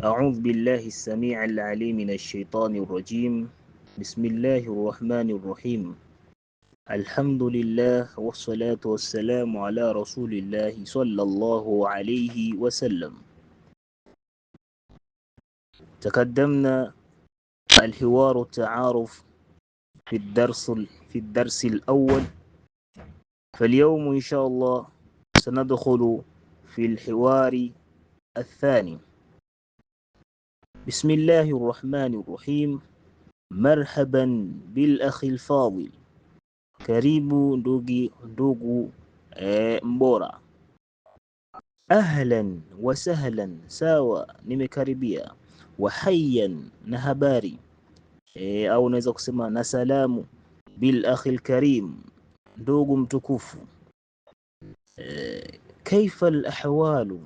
أعوذ بالله السميع العليم من الشيطان الرجيم بسم الله الرحمن الرحيم الحمد لله والصلاة والسلام على رسول الله صلى الله عليه وسلم تقدمنا الحوار التعارف في الدرس في الدرس الأول فاليوم إن شاء الله سندخل في الحوار الثاني بسم الله الرحمن الرحيم مرحبا بالأخ الفاضل كريم دوغي دوغو آه، مبورا أهلا وسهلا ساوى نمي وحيا نهباري آه، أو نزق سما نسلام بالأخ الكريم دوغم تكوف آه، كيف الأحوال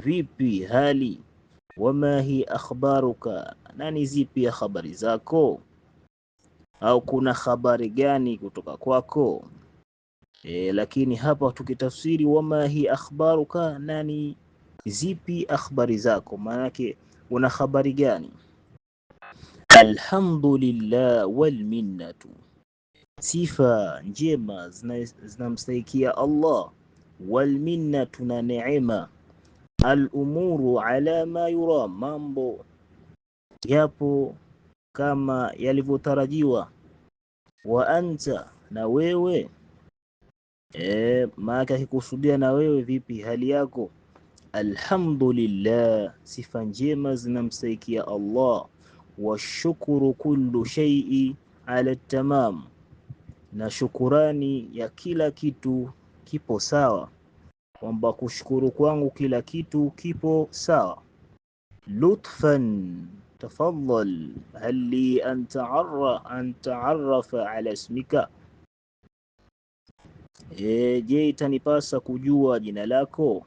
فيبي هالي wama hi akhbaruka, nani zipi ya habari zako, au kuna habari gani kutoka kwako? E, lakini hapa tukitafsiri wama hi akhbaruka, nani zipi akhbari zako, maanake una habari gani? Alhamdulillah minnatu, sifa njema zinamstahikia Allah, walminnatu na neema Al-umuru ala ma yura, mambo yapo kama yalivyotarajiwa. Wa anta, na wewe e, maana akikusudia na wewe vipi hali yako. Alhamdulillah, sifa njema zinamsaikia Allah. Washukuru kullu shay'i ala tamam, na shukurani ya kila kitu kipo sawa kwamba kushukuru kwangu kila kitu kipo sawa. Lutfan tafadhal, hal li an ala ismika, e, je itanipasa kujua jina lako?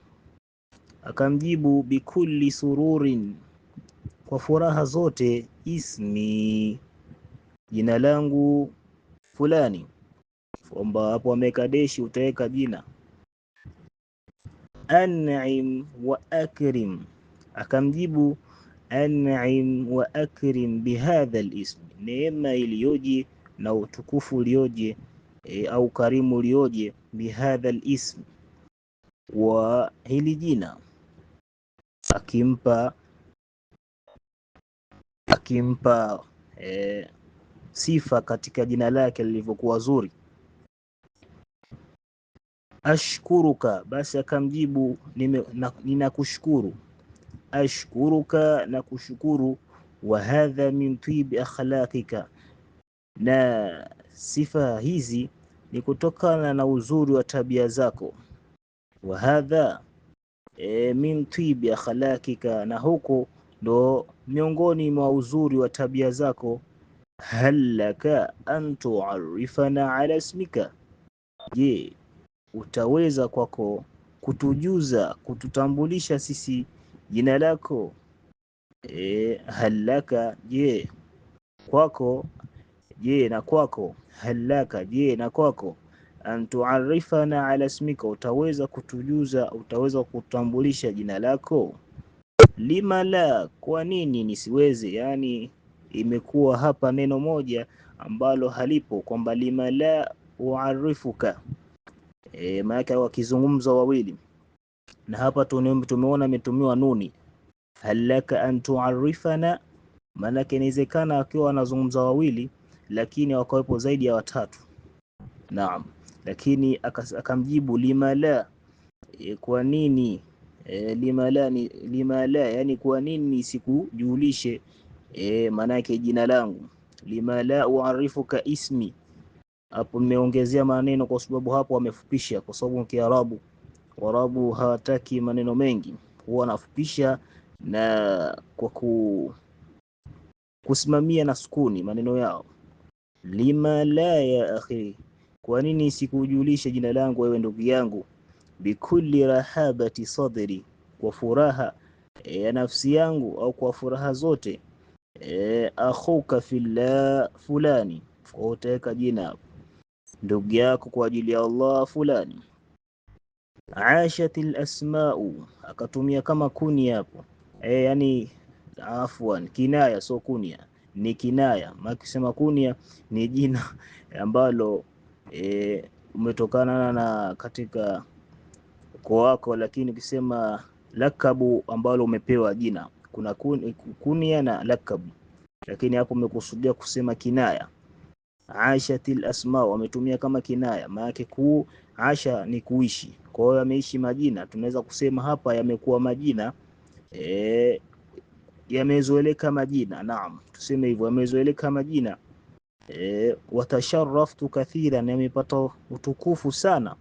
Akamjibu bikulli sururin, kwa furaha zote, ismi, jina langu fulani. Kwamba hapo ameweka deshi, utaweka jina an'im wa akrim, akamjibu an'im wa akrim bihadha lismi, neema iliyoje na utukufu ulioje e, au karimu ulioje bihadha lismi, wa hili jina, akimpa akimpa e, sifa katika jina lake lilivyokuwa zuri ashkuruka, basi akamjibu ninakushukuru. Ashkuruka, na kushukuru. Wa hadha min tibi akhlaqika, na sifa hizi ni kutokana na uzuri wa tabia zako. Wa hadha e, min tibi akhlaqika, na huko ndo miongoni mwa uzuri wa tabia zako. Hal laka an tuarifana ala ismika, je utaweza kwako kutujuza, kututambulisha sisi jina lako. E, halaka je kwako, je na kwako, halaka je na kwako, antuarifana ala ismika, utaweza kutujuza, utaweza kutambulisha jina lako. Lima la, kwa nini nisiweze? Yani imekuwa hapa neno moja ambalo halipo kwamba lima la uarifuka e, maanake wakizungumza wawili, na hapa tumeona ametumiwa nuni halaka an tuarifana, maanake inawezekana akiwa anazungumza wawili, lakini wakawepo zaidi ya watatu. Naam, lakini akamjibu lima la e, kwa nini e, lima la ni, lima la yani kwa nini sikujulishe e, maanake jina langu lima la uarifuka ismi hapo mmeongezea maneno kwa sababu hapo wamefupisha, kwa sababu Kiarabu Waarabu hawataki maneno mengi, huwa wanafupisha na kwa ku, kusimamia na sukuni maneno yao. Lima la ya akhi, kwa nini sikujulisha jina langu wewe ndugu yangu? Bikulli rahabati sadri, kwa furaha e, ya nafsi yangu au kwa furaha zote. E, akhuka fillah fulani, kwa utaweka jina hapo ndugu yako kwa ajili ya Allah fulani. Ashatil asmau akatumia kama kunia hapo e, yani afwan, kinaya so kunia ni kinaya. makisema kunia ni jina ambalo e, umetokana na katika ukoo wako, lakini ukisema lakabu ambalo umepewa jina, kuna kunia na lakabu, lakini hapo umekusudia kusema kinaya ashatil asma, wametumia kama kinaya, yake ku aisha ni kuishi. Kwa hiyo yameishi majina, tunaweza kusema hapa yamekuwa majina e, yamezoeleka majina. Naam, tuseme hivyo, yamezoeleka majina e, kathira kathiran, yamepata utukufu sana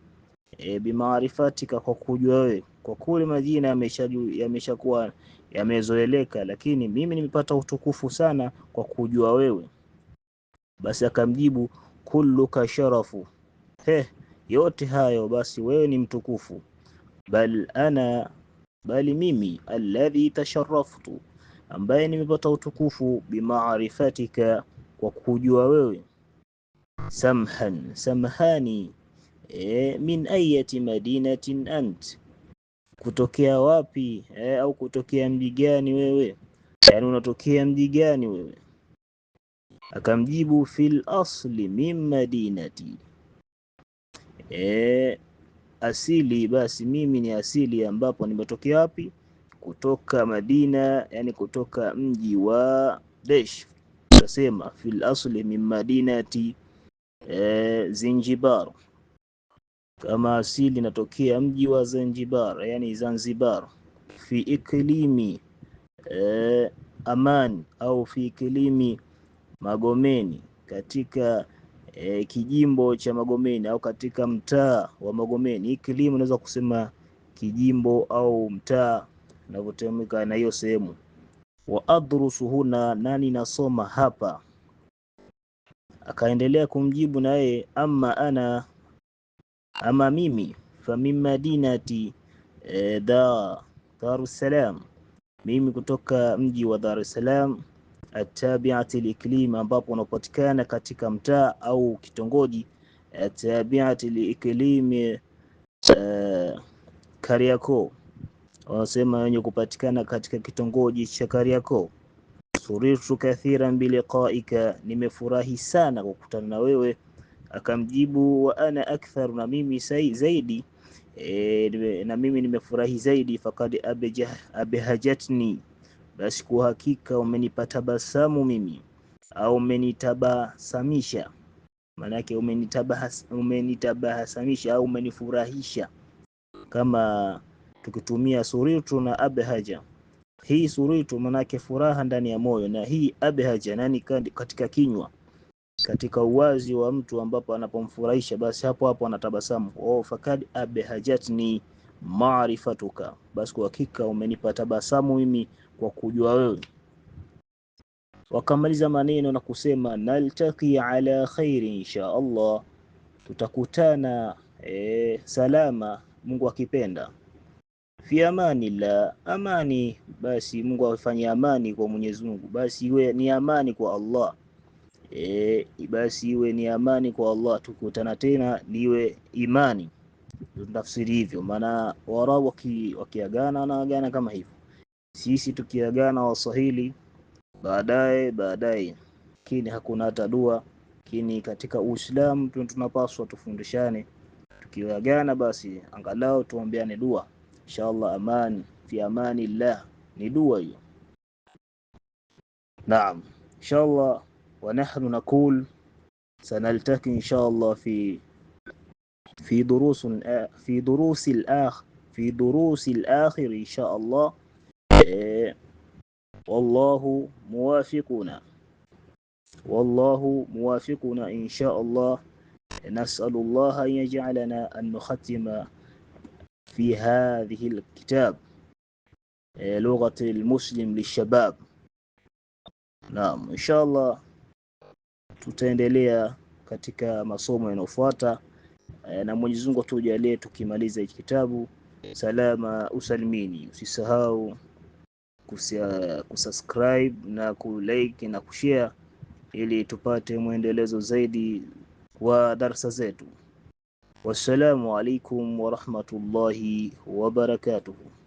e, eh, bimaarifatika, kwa kujua wewe, kwa kule majina yameshakuwa yamezoeleka, lakini mimi nimepata utukufu sana kwa kujua wewe basi akamjibu kulluka sharafu, he, yote hayo basi wewe ni mtukufu. Bal ana, bali mimi alladhi tasharaftu, ambaye nimepata utukufu bimaarifatika, kwa kujua wewe. Samhan, samhani e, min ayati madinatin ant, kutokea wapi e, au kutokea mji gani wewe? Yani unatokea mji gani wewe? Akamjibu fil asli min madinati, e, asili basi mimi ni asili ambapo nimetokea wapi? Kutoka Madina, yani kutoka mji wa Desh. Utasema fil asli min madinati e, Zinjibar, kama asili natokea mji wa Zanzibar, yani Zanzibar. Fi iklimi e, aman au fi iklimi Magomeni katika e, kijimbo cha Magomeni au katika mtaa wa Magomeni. Hii kilimo unaweza kusema kijimbo au mtaa unavyotamka na hiyo sehemu. Wa adrusu huna, nani nasoma hapa? Akaendelea kumjibu naye, ama ana, ama mimi, fa min madinati e, eh, da Dar es Salaam, mimi kutoka mji wa Dar es Salaam atabiati liklim, ambapo unapatikana katika mtaa au kitongoji atabiati liklim uh, eh, Kariako, Wanasema wenye kupatikana katika kitongoji cha Kariako. Suritu kathiran biliqaika, nimefurahi sana kukutana na wewe. Akamjibu wa ana akthar, na mimi zaidi e, na mimi nimefurahi zaidi. Fakad abehajatni basi kwa hakika umenipatabasamu mimi au umenitabasamisha, maanake umenitabasamisha au umenifurahisha, kama tukitumia suritu na abhaja. Hii suritu maanake furaha ndani ya moyo, na hii abhaja nani, katika kinywa, katika uwazi wa mtu ambapo anapomfurahisha, basi hapo hapo anatabasamu. Oh, fakad abhajatni maarifatuka, basi kwa hakika umenipa tabasamu mimi kwa kujua wewe. Wakamaliza maneno na kusema naltaki ala khairi insha Allah, tutakutana e, salama Mungu akipenda, fi amani la amani, basi Mungu afanye amani kwa Mwenyezi Mungu, basi iwe ni amani kwa Allah e, basi iwe ni amani kwa Allah, tukutana tena niwe imani tafsiri hivyo, maana Waarabu waki, wakiagana wanaagana kama hivyo, sisi tukiagana Waswahili baadaye baadaye, lakini hakuna hata dua. Lakini katika Uislamu tunapaswa tufundishane, tukiagana basi angalau tuombeane dua inshallah. Amani fi amani llah ni dua hiyo. Naam, inshallah. Wa nahnu naqul sanaltaki inshallah fi في دروس في دروس الاخ في دروس الآخر إن شاء الله إيه، والله موافقنا والله موافقنا إن شاء الله نسأل الله أن يجعلنا أن نختم في هذه الكتاب إيه، لغة المسلم للشباب نعم إن شاء الله tutaendelea katika masomo yanayofuata Eh, na Mwenyezi Mungu atujalie tukimaliza hiki kitabu salama usalimini. Usisahau kusubscribe na kulike na kushare ili tupate mwendelezo zaidi wa darsa zetu. Wassalamu alaikum warahmatullahi wabarakatuhu.